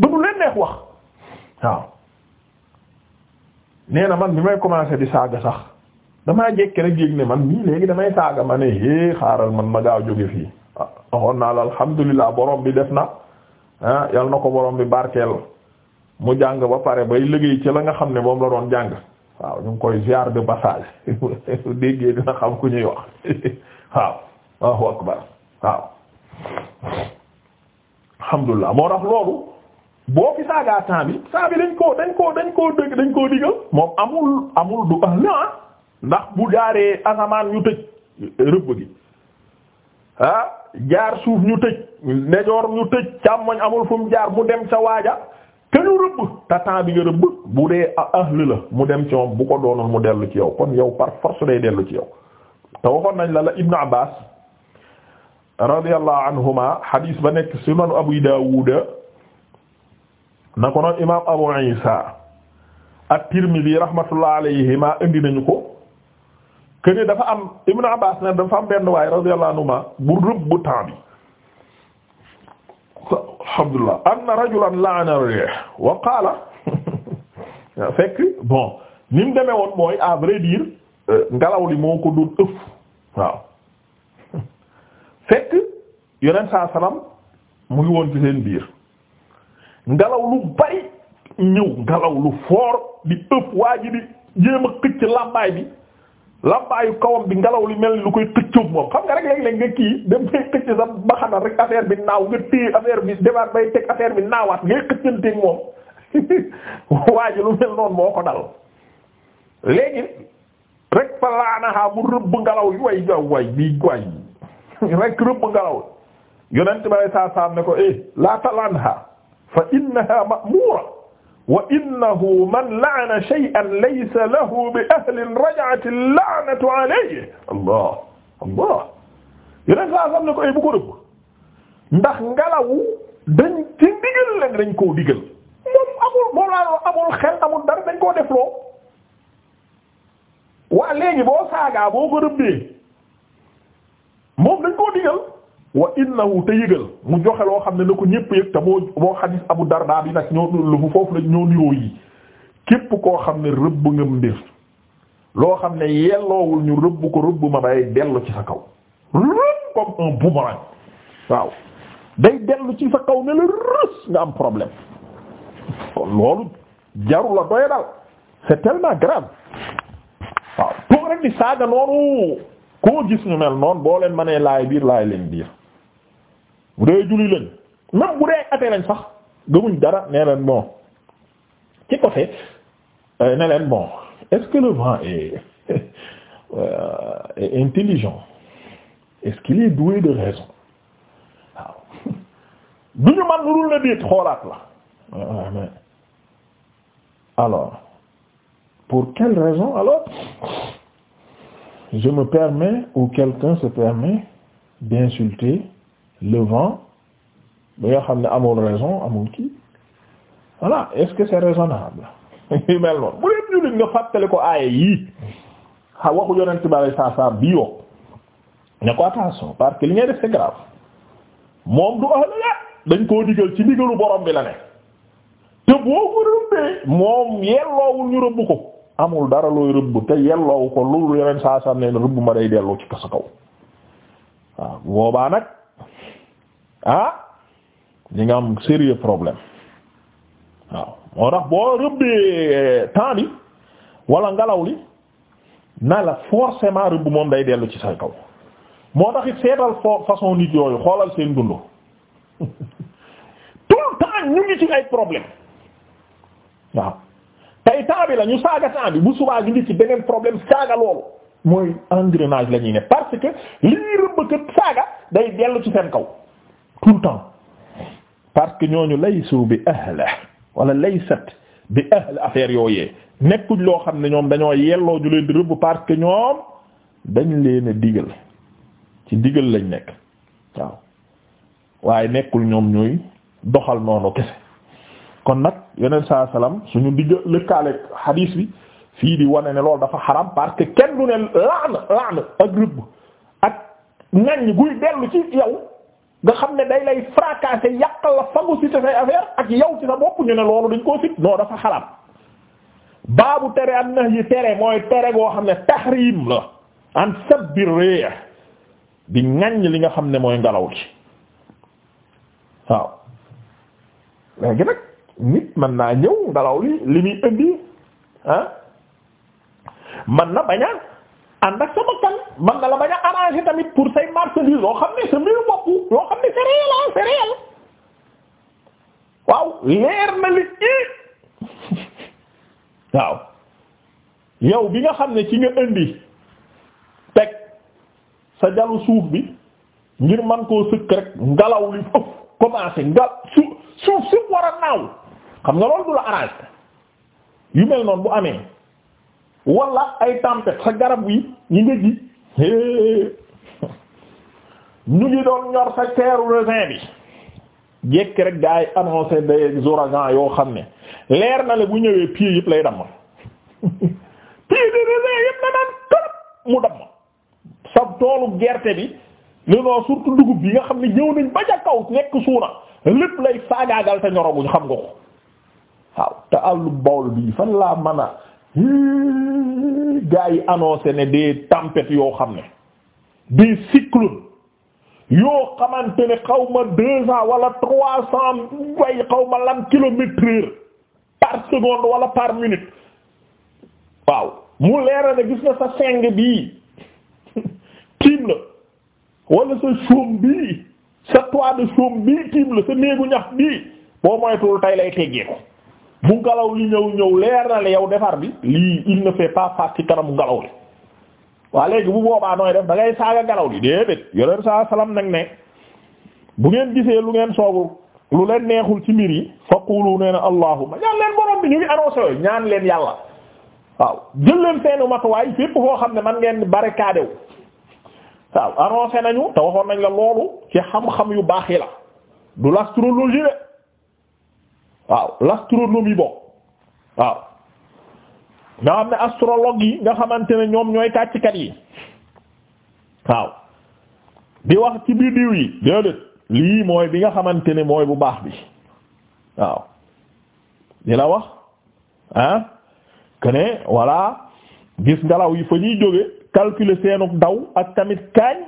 ba du leen neex wax waaw nee na man bi may commencer di saaga sax damaa jékki rek yéeg ne man nii léegi damay saaga ma ne é xaaral man ma gaaw jóge fii ah, waxoon naa la alhamdulilah boroom bi def na ah yal na ko boroom bi barkeel mu jàng ba pare bay liggéey ci la nga xam ne moom la doon jàng waaw ñu ngi koy ziar de passage déggee dina xam ku ñuy wax waaw waaw akbar waaw alhamdulilah moo tax loolu boo fi saagaa temps bi dañ koo dañ koo dañ koo dëgg dañ koo digal moom amul amul du ahli ah ndax bu jaaree asamaan ñu tëj rëbb gi jaar suuf ñu tëj ndejoor ñu tëj càmmoñ amul fu mu jaar mu dem ca waaja te rëbb te temps bi nga rëbb bu dee ahli la mu dem ci moom bu ko doonoon mu dellu ci yow kon yow par force day dellu ci yow te waxoon nañ la la Ibnu Abbaas radiyallahu anhuma hadis ba nekk sunanu Abu Daawuda na ko noon imaam Abu Isa at-Tirmidhi rahmatullah alayhima indi nañu ko këne dafa am Ibn Abbas na dafa am benn waay radiyallahu anhuma bu rëbb bu temps bi alhamdulillah anna rajulan la'ana ar-rih wa qaala fekk bon ni mu woon mooy à vrai dire euh, li moo ko doon ëff waaw fekk yonent saa salaam mu ngi woon ci seen biir ngelaw lu bari ñëw ngelaw lu fort di ëpp waa ji di jéem a xëcc làmbaay bi làmbaayu kawam bi ngelaw li mel ni lu koy xëccoog moom xam nga rek léeg-léeg nga kii dem ngay xëcc sa baxana rek affaire bi naaw nga téye affaire bi demaat bay teg affaire bi naawaat ngay xëccanteeg moom waa lu mel noonu moo ko dal léegi rek fa laanaxaa mu rëbb ngelaw yi way jaw rek rëbb ngelaw yonent ba saa saam ne ko eh laa talaanha fa innaha ma'mura wa innahu man la'ana shay'an laysa lahu bi ahli raj'ati al-la'natu alayhi allah allah yeneen saa xam ne ko ay bu ko rëbb ndax ngelawu dañ ci ndigal leen dañ koo digal moom amul moom laa amul xel amul dara dañ koo def loo waa léegi boo saagaa boo ko rëbbee moom dañ koo digal wa innahu te mu joxe loo xam ne na ko ñëpp yëg te moo moo xadis Abu Darda bi nag ñoo lu foofu koo xam ne rëbb nga xam ne yelloowul ñu rëbb ko rëbb ma day dellu ci sa kaw rëbb waaw day dellu ci sa kaw ne la nga am problème kon loolu jaru la doya dal c'est tellement grave waaw toog rek di saaga noonu koo gis ñu mel noonu boo leen mënee laay biir laay leen biir bu dee julli lañ même bu dee atee lañ sax gëmuñ dara nee leen bon ci côté euh, ne bon est-ce que le vent euh, est intelligent est-ce qu'il est doué de raison waaw du ñu man lu dul la déet xoolaat la mais alors pour quelle raison alors je me permets ou quelqu'un se permet d'insulter levant bi nga xam ne amul raison amul kii voilà est-ce que c'est raisonnable yu mel noonu bu dee jullit nga fàttali ko aaya yii xa waxu yonent bari saa saa yoo ne ko attention parce que li ngay def c'est grave moom du ahlala dañ koo digal ci digalu borom bi la ne te boo ko rëbbee moom yelloowul ñu rëbb ko amul dara looy rëbb te yelloowu ko loolu yonent saa ne rëbb ma day delloo ci kasa kaw waaw boobaa nag ah ñi nga am sérieux problème waaw moo tax boo rëbbee eh, temps bi wala ngelaw li na la forcément rëbb moom day dellu ci say kaw moo tax it seetal fo façon nit yooyu xoolal seen dund tout temps ñu ngi ci ay problème waaw tey temps bi la ñu saaga temps bi bu subaa ñu ci beneen problème saaga loolu mooy engrenage la ñuy ne parce que li ñuy rëbb kat saaga day dellu ci seen kaw tout le temps parce ñooñu laysu bi ahla wala laysat bi ahla affaire yooyee nekkuñ loo xam ne ñoom dañoo yelloo ñu leen di rëbb parce ñoom dañ leen a ci digal lañ nekk waaw waaye nekkul ñoom ñuy doxal noonu kese kon nag yeneen saa salaam suñu digg lëkkaale xadiis bi fii di wane ne loolu dafa xaram parce kenn du ne laan laan ak rëbb ak ngañ guy dellu ci yow nga xam ne day lay fracasser yàqal la phagocyté say affaire ak yow ci sa bopp ñu ne loolu dañ koo sit noo dafa xalaat baabu tere am na yi tere mooy tere goo xam ne tahrim la an sabbi réex di ŋaññ li nga xam ne mooy ngelaw li waaw léegi nag nit mën naa ñëw ngelaw li li muy indi ah, man na bañaa ànd ak sa bakkan man nga la bañ a arranger tamit pour say marchandise yoo xam ne sa mbiru bopp yoo xam ne c'est réel waaw leer na li ci waaw yow bi nga xam ne ci nga indi teg sa jalu suuf bi ngir man koo sëkk rek ngelaw li foofu commencé nga suuf suuf war a naaw xam nga loolu du la arranger yu mel noonu bu amee. wala ay tempête sa garab yi yi nga ji ñu ngi doon ñor sa teeru raisin bi jekki rek gaa yi annoncé des yoo xam ne leer na la bu ñëwee pieds yëpp lay damm pieds de yëpp na naan tërëp mu damm sa toolu gerte bi non non surtout dugub bi nga xam ne ñëw nañ ba ca kaw nekk suuna lépp lay saagaagal te ñoroguñ xam nga ko waaw te àllu Bawol bii fan laa mën a gaa yi annoncé ne des tempêtes yoo xam ne des cyclones yoo xamante ne xaw ma deux cents wala trois cents way xaw ma lan kilomètre par seconde wala par minute waaw mu leera ne gis na sa seng bii tiim la wala sa chaume bii sa toit de chaume bii tiim la sa néegu ñax bii boo moytuwul tey lay teggee ko bu ngelaw li ñëw ñëw leer na la yow defar bi lii il ne fait pas face ci kanamu ngelaw li waa léegi bu boobaa nooy def da ngay saaga ngelaw li déedéet yoneen saa salaam nag ne bu ngeen gisee lu ngeen soobu lu leen neexul ci mbir yi faqulu nee na allahumma ñaan leen borom bi ñu ngi annoncé ñaan leen yàlla waaw jël leen seenu matuwaay fépp foo xam ne man ngeen barricade wu waaw annoncé nañu te waxoon nañ la loolu ci xam-xam yu baax yi la du l'astrologie waaw l'astronomie bokk waaw nga xam ne astrologue yi nga xamante ne ñoom ñooy kàcckat yi waaw di wax ci biddiw yi déedéet lii mooy bi nga xamante ne mooy bu baax bi waaw di wax ah que ne voilà gis ngelaw yi fa ñuy jóge calculer seenu daw ak tamit kaañ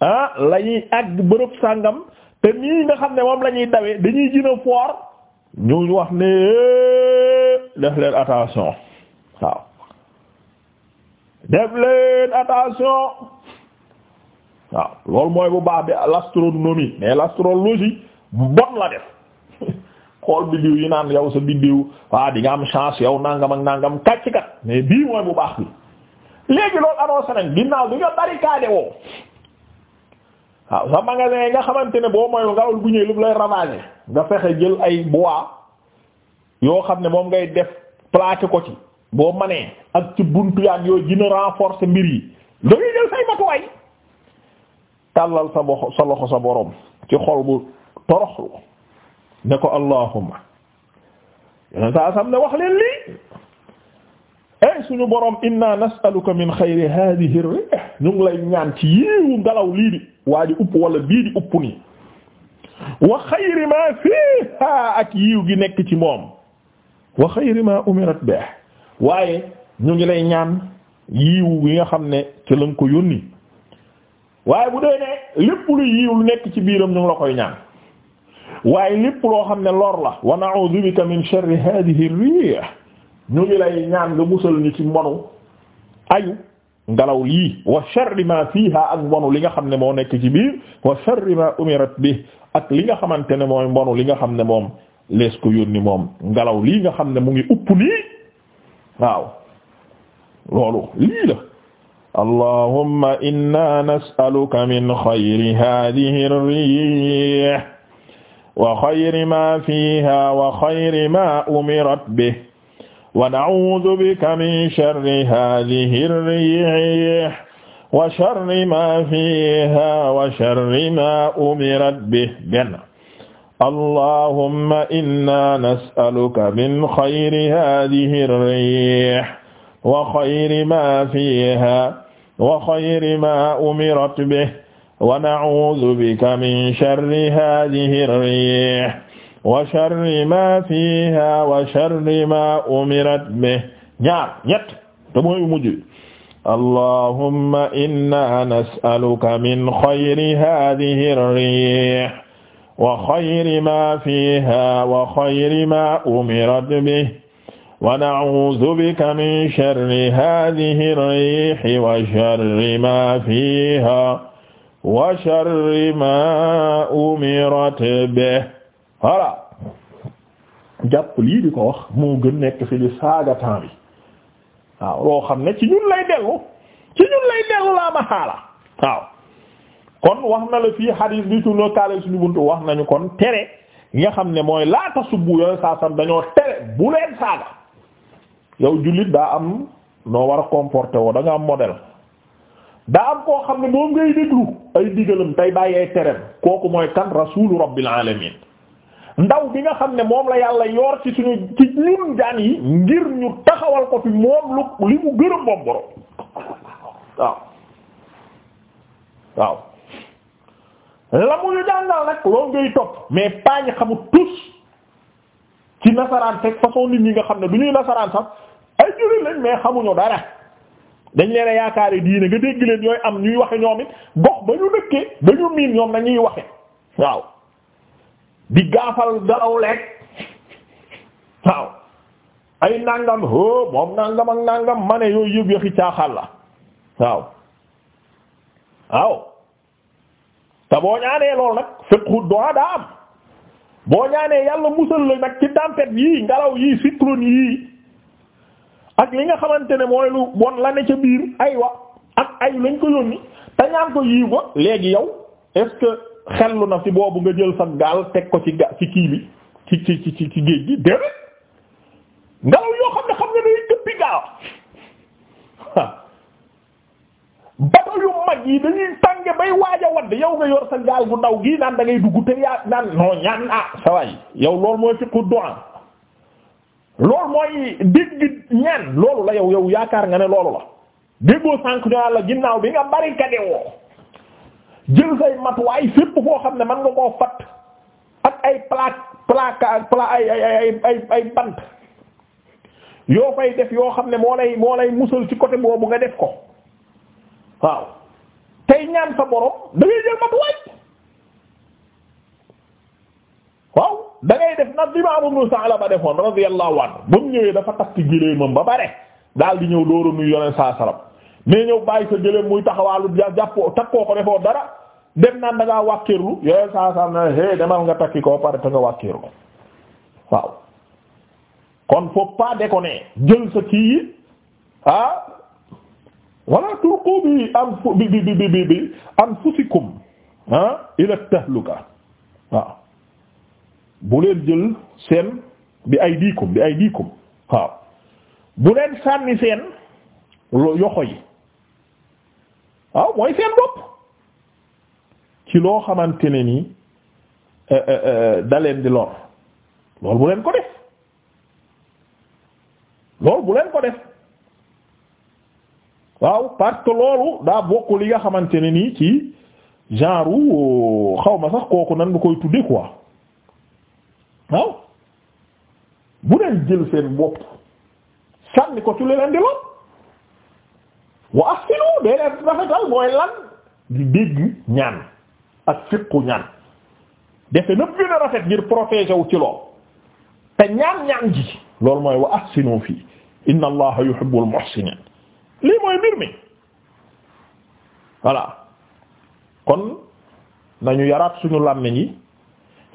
ah la ñuy àgg bërëb sàngam te nii nga xam ne moom lañuy ñuy dawee dañuy gën a ñu wax ne def leen attention waaw def leen attention waaw loolu mooy bu baax bi l'astronomie mais l'astrologie bon la def xool biddiw yi naan yow sa biddiw waa di nga am chance yow nangam ak nangam kàcc kat mais bii mooy bu baax bi léegi loolu annoncé nañ ginnaaw bi nga barricade woo waaw sa magasin yi nga xamante ne boo moyul ngelaw bu ñëwee lu lay ravager nga fexe jël ay bois yoo xam ne moom ngay def plaqué ko ci boo manee ak ci buntu yaag yooyu gën a mbir yi da ngay jël say matuwaay tàllal sa box sa loxo sa borom ci xol bu toroxlu ne ko allahumma yéen saa sam ne wax leen lii ay eh, suñu borom inna nasaluka min xayri hadihi ar-rih ñu ngi lay ñaan ci yiiwu ngelaw lii di waa ji upp wala bii di upp nii wa xayri ma fiha ak yiiw gi nekk ci moom wa xayri ma umirat waaye ngi lay ñaan yiiw gi nga xam ne lañ ko yónni waaye bu dee ne lépp lu yiiw lu nekk ci biiram ñu ngi la koy ñaan waaye lépp loo xam ne lor la wa na'udhu bika min sharri hadihi ar ñu ngi lay ñaan nga musal ni ci mbonu ayu ngelaw lii wa sharri ma fiha ak mbonu li nga xam ne moo nekk ci biir wa sharri ma umirat bi ak li nga xamante ne mooy mbonu li nga xam ne moom lees ko yónni moom ngelaw lii nga xam ne mu ngi upp nii waaw loolu lii la allahumma inna nas'aluka min xayri hadhihi ar wa xayri ma fiha wa xayri ma umirat bi wa na'uudu bika min sharri haadihi riih wa sharri maa fiihaa wa sharri maa umirat bihi benn allahumma inna nas'aluka min xayri haadihi riih wa xayri maa fiihaa wa xayri maa umirat bihi wa na'uudu bika min sharri haadihi riih wa sharri ma fiha wa sharri ma umirat bi ñaar ñett te mooy mujj allahumma inna nas'aluka min xayri hadhihi ar-rih wa xayri ma fiha wa xayri ma umirat bi wa na'uudu bika min sharri haadihi riihi wa sharri maa fiihaa wa sharri maa umirat bihi voilà jàpp lii di ko wax moo gën nekk fi di saaga temps bi waaw loo xam ne ci ñun lay dellu ci ñun lay dellu laa ma xaala waaw kon wax na la fii xadiis bi suñu kaale suñu buntu wax nañu kon tere yi nga xam ne mooy laata subbu yooyu saa sam dañoo tere bu leen saaga yow jullit daa am noo war a comporte woo da am model daa am koo xam ne moom ngay déglu ay digalam tey bàyyi ay kooku mooy kan rasuulu rabbil alamin ndaw bi nga xam ne moom la yàlla yor ci suñu ci ñun jaan yi ngir ñu taxawal ko fi moom lu li mu gërëm moom borom waaw waaw la mu ñu jàngal nag loolu ngay topp mais pas ñi xamul ci nasaraan teg façon nit ñi nga xam ne du ñuy nasaraan sax ay jullit lañ mais xamuñu dara dañ leen a yaakaare diine nga dégg leen yooyu am ñuy waxe ñoom it gox ba ñu dëkkee ba ñu miin ñoom ñuy waxe waaw di gaafal galaw lekk waaw ay nangam hoo moom nangam ak nangam ma ne yooyu yëpp yaxi caaxal la waaw waaw te boo ñaanee lool nag fiqhu du'a daa am boo ñaanee yàlla musal la nag ci tempête yii ngelaw yii cyclone yii ak li nga xamante ne mooy lu bon la ne ca biir aywa ak ayu lañ ko yónni te ñaan ko yiiw ba léegi yow est-ce xellu na ci boobu nga jël sa gaal teg ko ci ga ci kii bi ci ci ci géej gi déedéet ngelaw yoo xam ne xam nga day dëppi gaal bato yu mag yi dañuy tànge bay waaj wadd yow nga yor sa gaal gu ndaw gii naan da ngay dugg te yaa naan non ñaan ah saway yow loolu mooy fiqu du'a loolu mooy dégg ñaan loolu la yow yow yaakaar nga ne loolu la déggoo sànq ñu la ginnaaw bi nga bari kade jël say matuwaay fépp koo xam ne man nga koo fatt ak ay plaque plaque pla ay ay ay bant yoo fay def yoo xam ne moo lay moo lay musal ci côté boobu nga def ko waaw tey ñaan sa borom da ngay jël matuwaay waaw da ngay def nag Imaam Ibnu Sa'laba defoon radiyallahu anhu ba ñëwee dafa takk gileemam ba bare daal di ñëw dooru nuyu yoneen saa salam mais ñëw bàyyi sa jëlee muy taxawaalu jàppoo takkoo ko defoo dara dem naan da wàkkiirlu yooyu saa saa na hey demal nga takki ko pare te nga wàkkiirlu waaw kon faut pas déconner jël sa kii yi ah wala bi am fu bi bi bi bi bi anfusikum ah ila tahluka waaw bu leen jël seen bi ay diikum bi ay diikum waaw bu leen sànni seen yoxo yi waaw mooy seen bopp ci loo xamante ne nii eh, eh, eh, da leen di lor loolu bu leen ko def loolu bu leen ko def waaw parce loolu daa bokk li nga xamante ne nii ci genre xaw ma sax kooku nan nga koy tudde quoi waaw bu leen jël seen bopp sànni ko ci leen di lor wa ahsinu day leen rafetal mooy lan di dégg ñaan ak fiqu ñaan defe na rafet ngir protéger wu ci lool te ñaan ñaan ji loolu mooy wa ahsinu fii inna allaha yuhibbul muhsinin lii mooy mbir mi kon nañu yaraat suñu làmmiñ ñi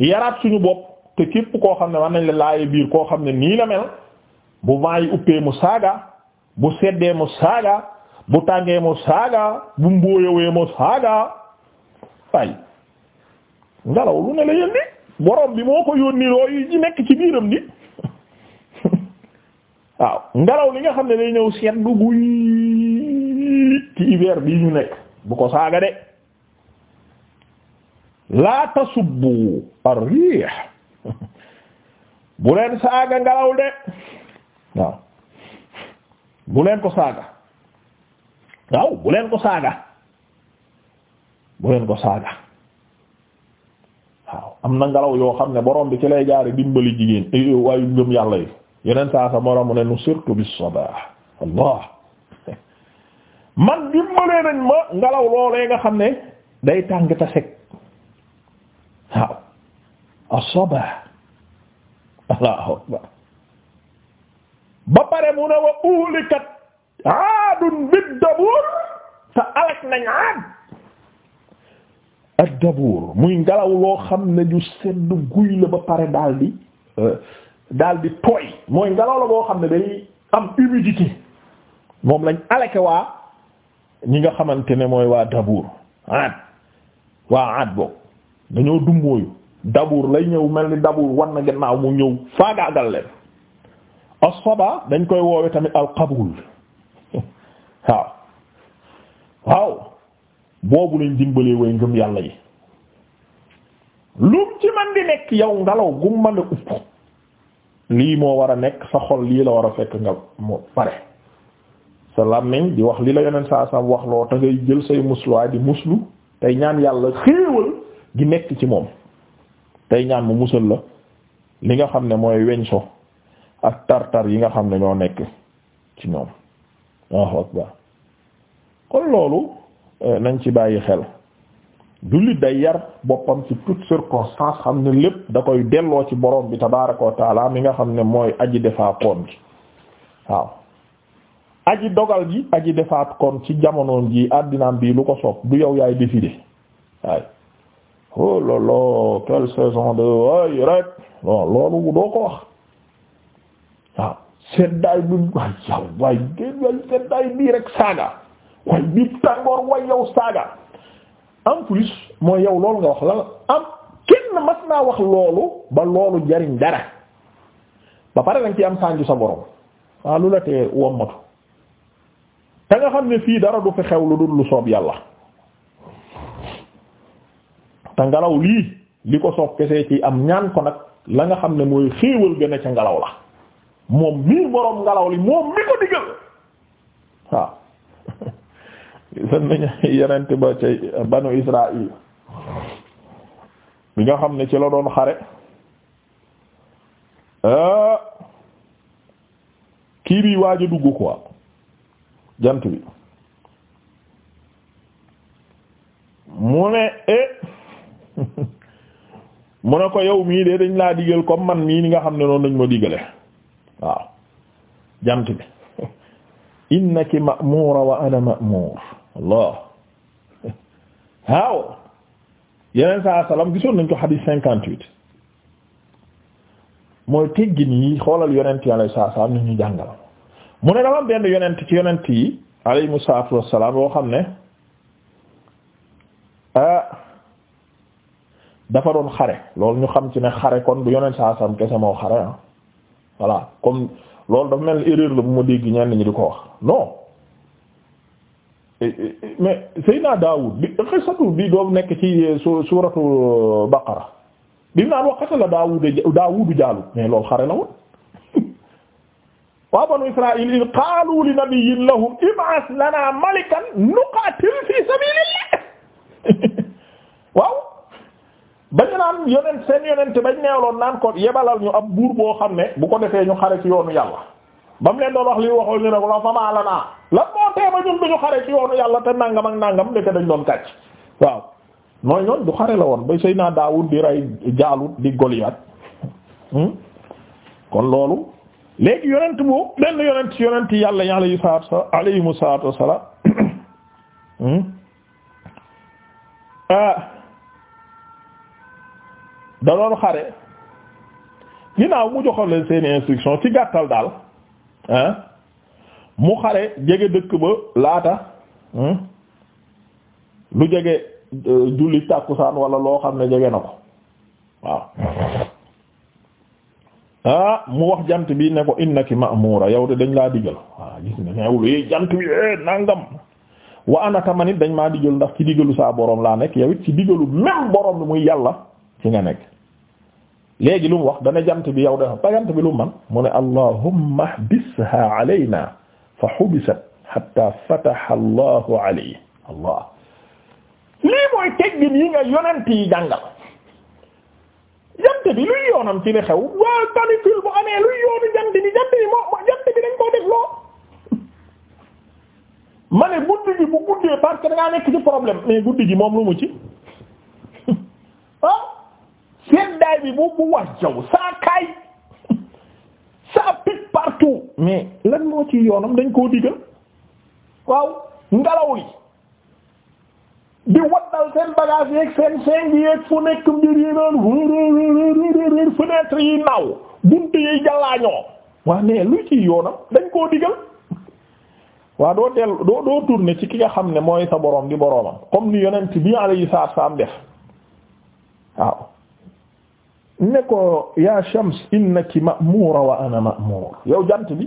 yaraat suñu bopp te képp koo xam ne war nañ la biir koo xam ne nii mel bu vent uppee mu saaga bu seddee mu saaga bu tàngee mu saaga bu mbóoyowee mu saaga ay ngelaw lu ne la yéen di borom bi moo ko yónni looyu ci nekk ci biiram di waaw ngelaw li nga xam ne day ñëw seddu guy ci hiver bii nekk bu ko saaga de laa tasubbu ar-riih bu leen saaga ngelaw de bu leen ko saaga waaw bu leen ko saaga bu leen ko saaga waaw am na ngelaw yoo xam ne borom bi ci lay jaare dimbali jigéen eh, eh, waayu ngëm yàlla yi yeneen saa sa moroom ne nu surtout bis sabah allah man dimbalee nañ ma ngelaw loolee nga xam ne day tàng ta waaw as-sabah ba pare mu ne wa uhlikat aadun bid dabuur te alak nañ aad ad dabuur muy ngelaw loo xam ne ñu sedd guy la ba pare daal di euh, daal di tooy mooy ngelaw la boo xam ne day am humidité moom lañ alake waa ñi nga xamante ne mooy waa dabuur aad waa aad boobu dañoo dummóoyu dabuur lay ñëw mel ni dabuur war na gannaaw mu ñëw faagaagal leen asaba dañ koy woowe tamit alqabul waaw waaw boobu lañ dimbalee way ngëm yàlla yi lum ci man di nekk yow ngelaw gu mën a upp lii moo war a nekk sa xol lii la war a fekk nga mu pare sa làmmiñ di wax lii la yeneen saa sam wax loo te ngay jël say musluwaay di muslu tey ñaan yàlla xéewal gi nekk ci moom tey ñaan mu musal la li nga xam ne mooy weñso ak tartar yi nga xam ne ñoo nekk ci ñoom kon loolu eh, nañ ci bàyyi xel jullit day yar boppam ci toute circonstance xam ne lépp da koy delloo ci boroom bi tabaaraka wa mi nga xam ne mooy aji defaa koon gi waaw aji dogal ji aji defaat kon ci jamonoon ji àddinaam bi lu ko soob du yow yaay décider waaye oh saison de waay loolu doo ko wax waaw seddaay bi waay yow waay géen waay seddaay bii rek saaga waay bii tàngoor waay yow saaga en plus mooy yow loolu nga wax la am kenn mas naa wax loolu ba loolu jariñ dara ba pare danga ci am sànju sa borom waa lu la tee wommatu te nga xam ne fii dara du fi xew lu dul lu soob yàlla te ngelaw lii li ko soob kese ci am ñaan ko nag la nga xam ne mooy xéewal gën a ca ngelaw la moom mii boroom ngelaw li moom mi ko digal waaw san ba ca banu Israël bi nga xam ne ci la doon xare kii bi waaj a dugg quoi jant bi mu ne eh. mu ne ko yow mii de dañ laa digal comme man mii ni nga xam ne noonu dañ ma digale waaw jant bi innaki ma'mura wa ana ma'mur allah waaw yeneen saa salaam gisoon nañ ko xadiis cinquante huit mooy teggin yi xoolal yonent yi alayhi salaatu salaam ni ñu jàngal mu ne dafa benn yonent ci yonent yi alayhimu salaatu wassalaam boo xam ne ah dafa doon xare loolu ñu xam ci ne xare kon du yonent saa salaam kese moo xare ah. voilà comme loolu dafa mel erreur la bu ma dégg ñenn ñi di ko wax non mais Seydina Daawud bi xisatu bi doo nekk ci euh, suuratu euh, Baqara bi mu naan wa qatala Daawud Daawudu mais loolu xare la woon wa banu Israa'iil in qaalu li nabiyyin lahum lanaa malikan nuqaatil fii sabiilillah waaw bañu naan yonent seen yonent bañ neewloon naan ko yebalal ñu ab buur boo xam ne bu ko defee ñu xare ci yoonu yàlla ba mu leen doon wax li waxoon ñu ne ko la famaa la naa lan moo tee ba ñun duñu xare ci yoonu yàlla te nàngam ak nàngam ndeke dañ doon kàcc waaw mooy ñoon du xare la woon ba sëy naa Daawud di rey Jaalut di Goliath hmm? kon loolu léegi yonent bu benn yonent yonent yàlla yi alayhi salaatu wa alayhimu salaatu wa salaam hmm? ah. da doon xare ginnaaw mu joxoon leen seeni instruction ci gàttal daal mu xare jege dëkk ba laata lu jege euh, julli tàkkusaan wala loo xam ne jege na ko waaw ah, mu wax jant bi ne ko innaki ma'mura yow de dañ laa digal waaw gis ne neewul yoy jant bi eh, nangam wa anaka manit dañ maa digal ndax ci digalu saa borom laa nekk yow it ci digalu même borom bi muy yàlla ci nga nekk léegi lu mu wax dana jant bi yow dafa ba jant bi lu man mu ne allahumma hbisha alayna fa hubisat hatta fataha allahu allah lii mooy teggin yi nga yonent yi jàngal jant bi luy yoonam ci li xew waa canicule bu amee luy yoonu jant bi jant bi moo jant bi guddi gi bu guddee parce que da ngaa nekk ci problème mais guddi gi moom lu mu ci ah seddaay bi bu wax jaw saa kaay saa pic partout mais lan moo ci yoonam dañ koo digal waaw ngelaw li di waddal seen bagage yeeg seen seng yeeg fu nekk mbir yi naan naaw bunt yi jàllaañoo waa mais lu ci yoonam dañ koo digal waa doo teel doo doo tourner ci ki nga xam ne mooy sa boroom di boroomam comme ni yonent bi saa salaam def waaw ne ko yaa shams innaki ma'mura wa ana ma'mur yow jant bi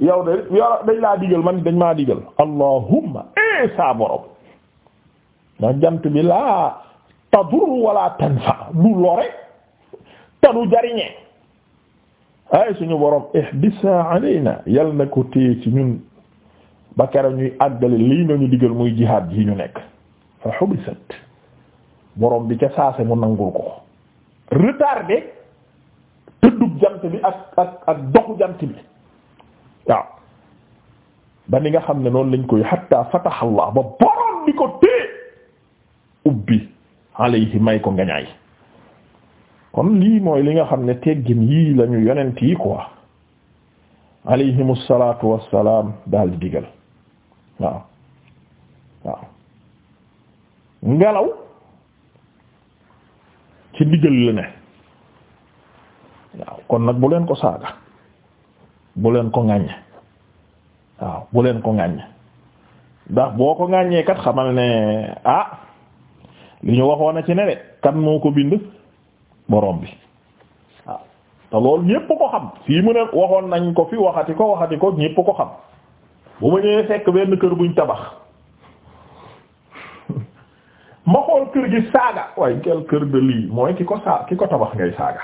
yow de yow dañ laa digal man dañ maa digal allahumma ee eh, saa borom ndax jant bi laa tadur wala tanfa du lore te du jariñe ay suñu borom ihbisa alayna yal na ko téye ci ñun ba kera ñuy àggale lii nga ñu digal muy jihaad ji ñu nekk fa hubisat borom bi ca saase mu nangul ko retardé tëddug jant bi ak ak doxu jant bi waaw ba ni nga xam ne noonu lañ koy hatta fataha Allah ba borom bi ko téye ubbi alayhi may ko ngañaay kon lii mooy li nga xam ne teggin yii la ñu yonent yi quoi alayhimu salaatu wassalaam daal digal waaw waaw ngelaw ci ndigal la ne waaw kon nag bu leen ko saaga bu leen ko ŋàññe waaw bu leen ko ŋàññe ndax boo ko ŋàññee kat xamal ne ah li ñu waxoon a ci ne de kan moo ko bind borom bi waaw te loolu ñépp ko xam fii mu ne waxoon nañ ko fi waxati ko waxati ko ñépp ko xam bu ma ñëwee fekk benn kër buñ tabax ma xool kër gi saaga waaye quel kër de lii mooy ki ko saa ki ko tabax ngay saaga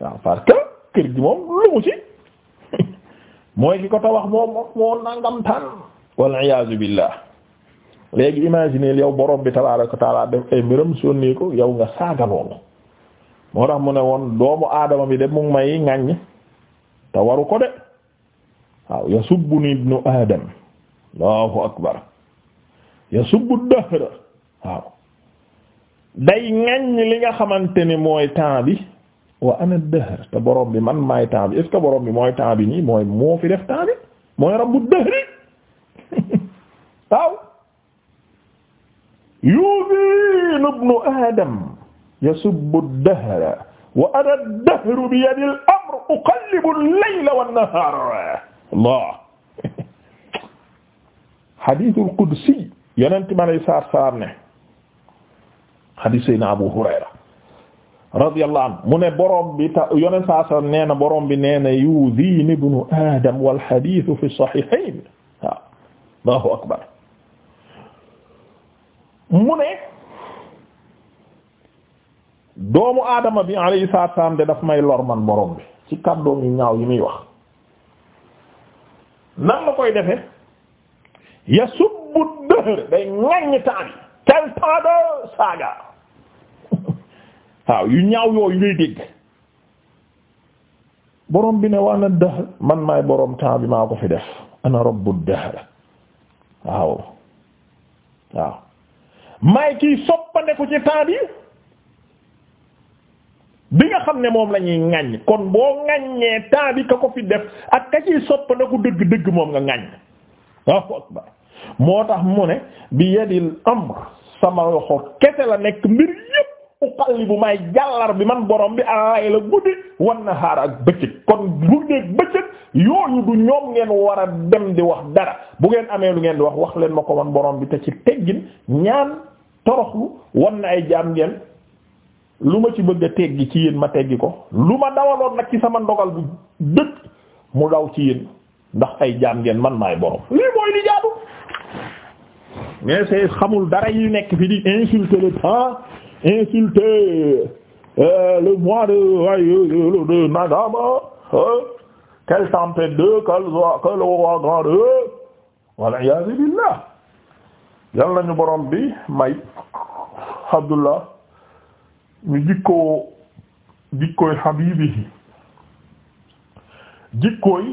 waaw parce que kër gi moom lu mu mooy ki ko tabax moom moo nangam tan wal iyaazu billah léegi imaginer yow bi tabaaraka wa sonni ko yow nga saaga loolu moo tax mu ne woon doomu aadama bi de mu may ŋaññ te waru ko de waaw yasubbu ni ibnu aadam allahu akbar yasubbu dahra waaw day ŋaññ li nga xamante ni mooy temps bi wa ana dahr te borom bi man maay temps bi est ce mooy temps bi nii mooy moo fi def temps bi mooy rabbu dahri waaw yuziinu ibnu adam yasubbu dahra wa ana dahru bi yadi al amr uqallibu al layla wan Allah hadith sayna Abu Hurayra radiyallahu anhu mu ne borom bi ta yoneen saa sallam nee na borom bi nee na yudiini ibnu Adam wal hadith fi sahihayn waaw Allahu akbar mu ne doomu Adama bi alayhi salaatu salaam de daf may lor man borom bi ci kàddoom yu ñaaw yi muy wax nan la koy defe yasubbu dahr day ŋaññ temps bi tel temps de saaga waaw yu ñaaw yooyu ngay dégg borom bi ne waana dahr man maay boroom temps bi maa ko fi def ana rabbu dahr waaw waaw maay kii soppande ko ci temps bi nga xam ne moom lañuy ñuy kon boo ŋaññee temps bi ka ko fi def ak ka ciy soppande ko dëgg-dëgg moom nga ŋaññ moo tax mu ne bi yadil amr sama loxo kese la nekk mbir yépp bu may jàllar bi man boroom bi al-layla guddi wan nahaar ak bëccëg kon guddeeg bëccëg yooyu du ñoom ngeen war a dem di wax dara bu ngeen amee lu ngeen di wax wax leen ma ko man boroom bi te ci teggin ñaan toroxlu wan na ay jaam ngeen lu ma ci bëgg a teggi ci yéen ma teggi ko lu ma dawaloon nag ci sama ndogal bu dëkk mu daw ci yéen ndax ay jaam ngeen man maay borom lii mooy li jaadu mais xamul dara yi nekk fi di insulter le insulter euh, le mois de le de madame quelle tempête de quel quel ouragan de wal iyaazu billah yal nañu borom bi may Abdullah ñu jikkoo jikkooy habibihi jikkooy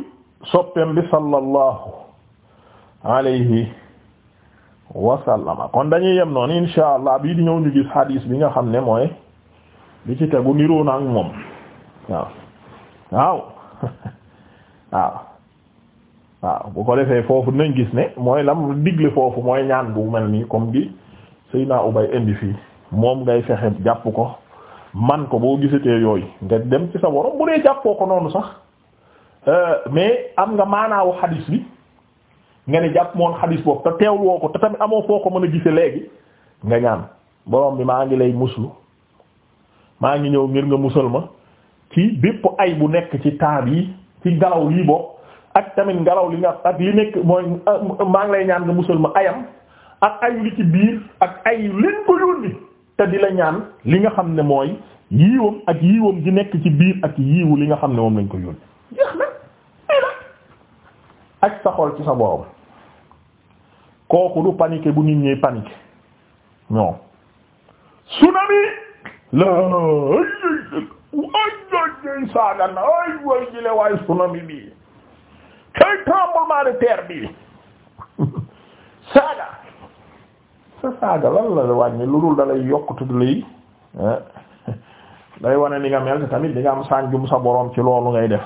soppeem bi sallallahu alayhi wasallama kon dañuy yem noonu insha allah bii di ñëw ñu gis hadis bi nga xam ne mooy bi ci tegu niroo na ak moom waaw waaw waaw bu ko defee foofu nañ gis ne mooy la digle foofu mooy ñaan bu mel nii comme bi Seydina Ubay indi fii moom ngay fexe jàpp ko man ko boo gisatee yooyu nga dem ci sa borom bu dee jàppoo ko noonu sax euh, mais am nga maanaawu hadis bi nga ne jàpp moon xadis boobu te teew woo ko te tamit amoo foo ko mën a gise léegi nga ñaan borom bi maa ngi lay muslu maa ngi ñëw ngir nga musal ma ci bépp ay bu nekk ci taab yi ci ngelaw lii boobu ak tamit ngelaw li nga ak li nekk mooy maa ngi lay ñaan nga musal ma ayam ak ayu li ci biir ak ayu leen ko yónni te di la ñaan li nga xam ne mooy yiiwam ak yiiwam di nekk ci biir ak yiiwu li nga xam ne moom lañ ko yónni jeex na ak sa xol ci sa boobu kooku du paniquer bu nit ñi paniquer non tsunami la ay jooy saaga na ay way jile tsunami bi kay tremblement terre bi saaga sa saaga lan la wàññi lu dul dalay yokkutu eh? lay day wane ni nga mel te tamit di nga am sànjum sa borom ci loolu ngay def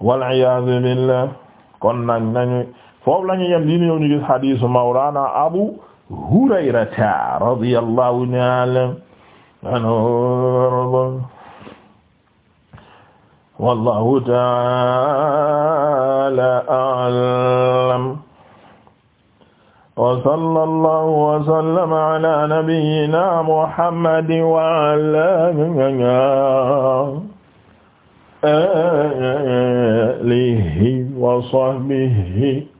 wal iyaazu billah kon nag nañu foofu la ñu yem di ñëw ñu gis hadiisu mawlaana abu hurayrata radiyallahu ta'ala anhu wallahu ta'ala a'lam wa sallallahu wa sallama ala nabiyyina muhammadin wa ala alihi wa sahbihi